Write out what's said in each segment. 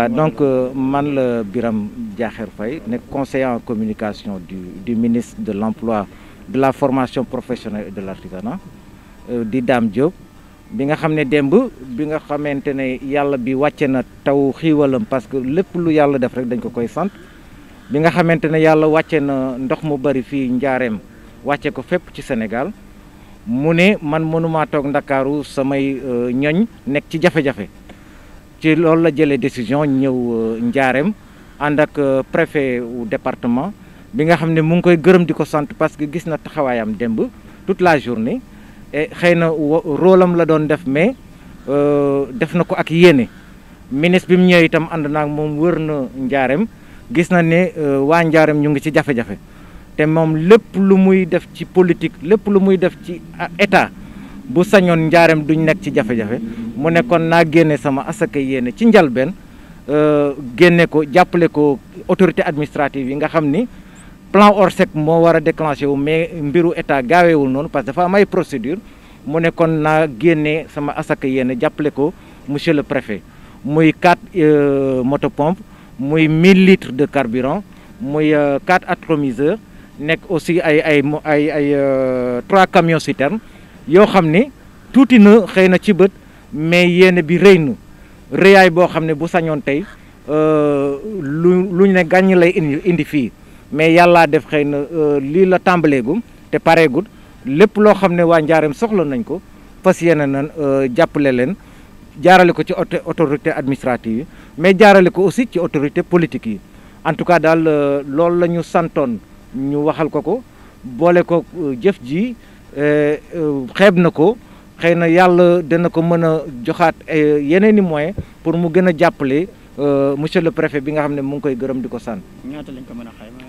voilà donc euh, man la biram Diakher fay nekk conseiller en communication du du ministre de l'emploi de la formation professionnelle et de l'artisanat euh, di Dame Diop bi nga xam ne démb bi nga xamante ne yàlla bi wàcce na taw xiiwalam parce que lépp lu yàlla def rek dañ ko koy sant bi nga xamante ne yàlla wàcce na ndox mu bari fii njaareem wàcce ko fépp ci Sénégal mu ne man mënumaa toog ndakaaru samay euh, ñoñ nekk ci jafe-jafe ci loolu la jëlee décision ñëw euh, njaareem ànd ak euh, préfet wu département bi nga xam ne mu ngi koy gërëm di ko sant parce que gis na taxawaayam démb toute la journée et xëy na rôle am la doon def mais euh, def na ko ak yéene ministre bi mu ñëwee itam ànd naa moom wër na njaareem gis na ne waa njaareem ñu ngi ci jafe-jafe te moom lépp lu muy def ci politique lépp lu muy def ci ah, état bu sañoon njaareem duñ nekk ci jafe-jafe mu ne kon naa génne sama asaka yéene ci njalbeen euh, génne ko jàppale ko autorité administrative yi nga xam ni plan Orsec moo war a déclenché wu mais mbiru état gaaweewul noonu parce que dafa am ay procédure mu ne kon naa génne sama asaka yéene jàppale ko monsieur le préfet muy quatre euh, motopompe muy mille litre de carburant muy euh, quatre atomiseurs nekk aussi ay ay ay ay trois camions citernes yoo xam ni tuuti na xëy na ci bët mais yéene bi rëy na rëyaay boo xam ne bu sañoon tey euh, lu lu ñu ne gàññ lay indi indi fii mais yàllaa def xëy na euh, lii la tàmbaleegum te pareegul lépp loo xam ne waa njaareem soxla nañ ko fas yéene nan euh, jàppale leen jaarale ko ci autorité administrative yi mais jaarale ko aussi ci autorité politique yi en tout cas daal loolu la ñu santoon ñu waxal ko ko boole ko jëf ji Euh, euh, xeeb na ko xëy na yàlla dana ko mën a joxaat yeneen i moyens pour mu gën a jàppale euh, monsieur le préfet bi nga xam ne mu ngi koy gërëm di ko sant. ñaata lañ ko mën a xayma.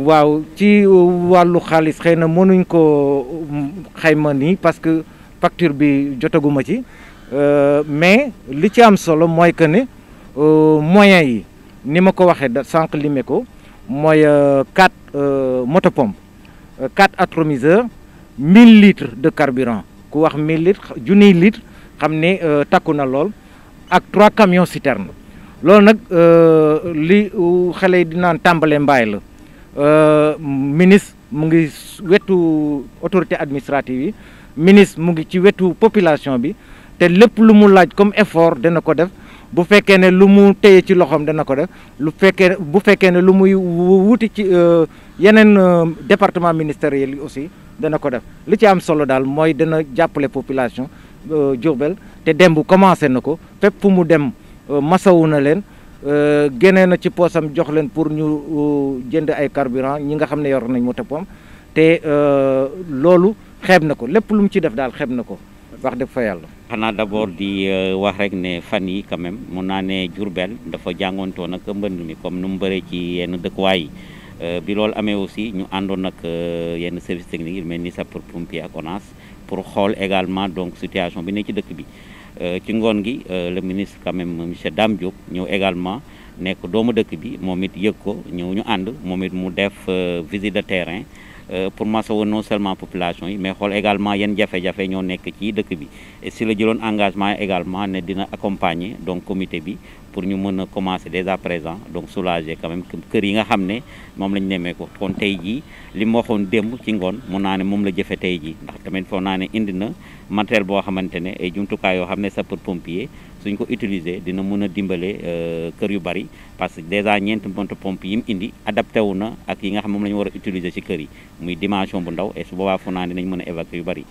waaw ci wàllu xaalis xëy na mënuñ ko mm, xayma nii parce que facture bi jotaguma ci mais li ci am solo mooy que ne moyen yi ni ma ko waxee da sànq limé ko mooy quatre motopompe quatre atomiseurs. 1000 litres de carburant ku wax 1000 litres junniy litres xam ne euh, takku na lool ak trois camions citernes loolu nag euh, li euh, xale yi di naan tàmbale mbaay la ministre mu ngi wetu autorité administrative yi ministre mu ngi ci wetu population bi te lépp lu mu laaj comme effort dana ko def bu fekkee ne lu mu téye ci loxoom dana ko def lu fekkee bu fekkee ne lu muy wuti ci euh, yeneen euh, département ministériel yi aussi dana ko def li ci am solo daal mooy dana jàppale population euh, Diourbel te demb commencé na ko fépp fu mu dem masawu na leen génnee na ci poosam jox leen pour ñu jënd ay carburant ñi nga xam ne yor nañ moto pompe te loolu xeeb na ko lépp lu mu ci def daal xeeb na ko wax dëgg fa yàlla xanaa d' abord di euh, wax rek ne fan yi quand même mun naa ne Diourbel dafa jàngoontoo nag mbënn mi comme nu mu bëree ci yenn dëkkuwaay yi euh, bi loolu amee aussi ñu àndoon nag euh, yenn service technique yi mel ni pour pompier ak ONAS pour xool également donc situation bi ne ci dëkk bi ci ngoon gi le ministre quand même monsieur Dame Diop ñëw également nekk doomu dëkk bi moom it yëg ko ñëw ñu ànd moom it mu def visite de terrain Euh, pour woon non seulement population yi mais xool également yan jafe-jafe ñoo nekk ci dëkk bi si la jëloon engagement également ne dina accompagner donc comité bi pour ñu mën a commencer des à présent donc soulager quand kër yi nga xam ne moom la ñu nemee ko kon tey jii li mu waxoon démb ci ngoon mun naa ne moom la jëfe tey jii ndax tamit foog naa ne indi na matériel boo xamante ne ay jumtukaay yoo xam ne sapeur pompier suñ ko utiliser dina mën a dimbale euh, kër yu bari parce que déjà ñeenti moto pompe yi mu indi adapté wu na ak yi nga xam moom la ñu war a utiliser ci kër yi muy dimension bu ndaw et su boobaa fu naa dinañ mën a évacuer yu bari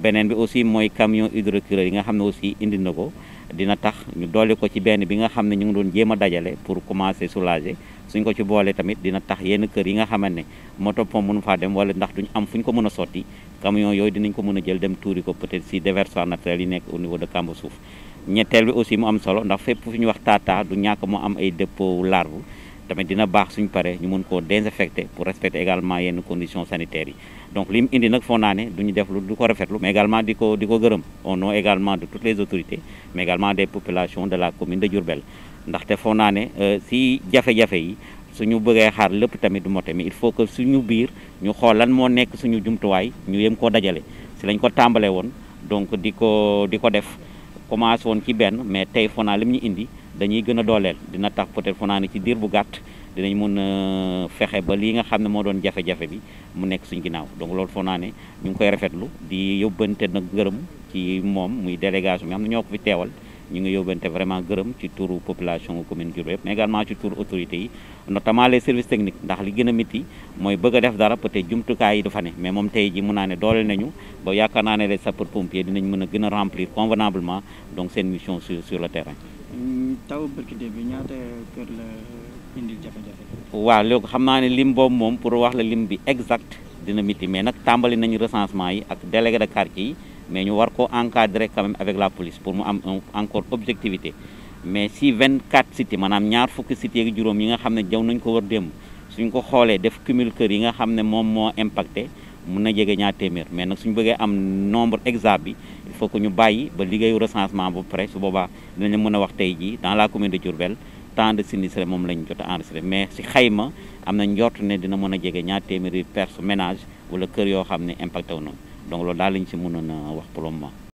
beneen bi aussi mooy camion hydrocureur yi nga xam ne aussi indi na ko dina tax ñu doole ko ci benn bi nga xam ne ñu ngi doon jéem a dajale pour commencer soulager suñ ko ci boolee tamit dina tax yenn kër yi nga xamante ne moto pom mënu faa dem wala ndax duñ am fu ñu ko mën a sotti camion yooyu dinañ ko mën a jël dem tuuri ko peut-être si déversoir naturel yi nekk au niveau de Kamba Suuf ñetteel bi aussi mu am solo ndax fépp fu ñu wax taata du ñàkk mu am ay dépôt larve tamit dina baax suñ paree ñu mën koo désinfecter pour respecter également yenn conditions sanitaires yi donc li mu indi nag foo naa ne du ñu def lu du ko rafetlu mais également di di ko gërëm au nom également de toutes les autorités mais également des populations de la ndaxte foog naa ne euh, si jafe-jafe yi suñu bëggee xaar lépp tamit du mote mais il faut que suñu biir ñu xool lan moo nekk suñu jumtuwaay ñu yem koo dajale si lañ ko tàmbalee woon donc di ko di ko def commencé woon ci benn mais tey foog naa lim ñu indi dañuy gën a dooleel dina tax peut-être naa ne ci diir bu gàtt dinañ mën a fexe ba lii nga xam ne moo doon jafe-jafe bi mu nekk suñ ginnaaw donc loolu foog naa ne ñu ngi koy rafetlu di yóbbante nag gërëm ci moom muy délégation bi xam ne ñoo ko teewal ñu ngi yóbbante vraiment gërëm ci turu population commune Diourbel mais également ci turu autorités yi notamment les services techniques ndax li gën a métti mooy bëgg a def dara peut-être jumtukaay yi dafa ne mais moom tey ji mun naa ne dooleel nañu ba yaakaar naa ne les sapeurs pompiers dinañ mën a gën a remplir convenablement donc seen mission sur sur le terrain. Hmm, taw barki bi xam naa ne lim boobu moom pour wax la lim bi exact dina métti mais nag tàmbali nañu recensement yi ak délégué de quartier yi. mais ñu war ko encare quand même avec la police pour mu am encore objectivité mais si 24 cité maanaam ñaar fukki cité ak juróom yi nga xam ne jaw nañ ko war démb suñ ko xoolee def cumul kër yi nga xam ne moom moo impacté mun na jege ñaar téeméer mais nag suñu bëggee am nombre exact bi il faut que ñu bàyyi ba liggéeyu recensement bu pare su boobaa dinañ mën a wax tey jii dans la commune de Diourbel tant de sinistrés moom lañ jot en enregistré mais si xayma am na njort ne dina mën a jege ñaar téeméeri personnes ménage wala kër yoo xam ne impacté wu noonu donc loolu daal lañ ci mënoon a wax pour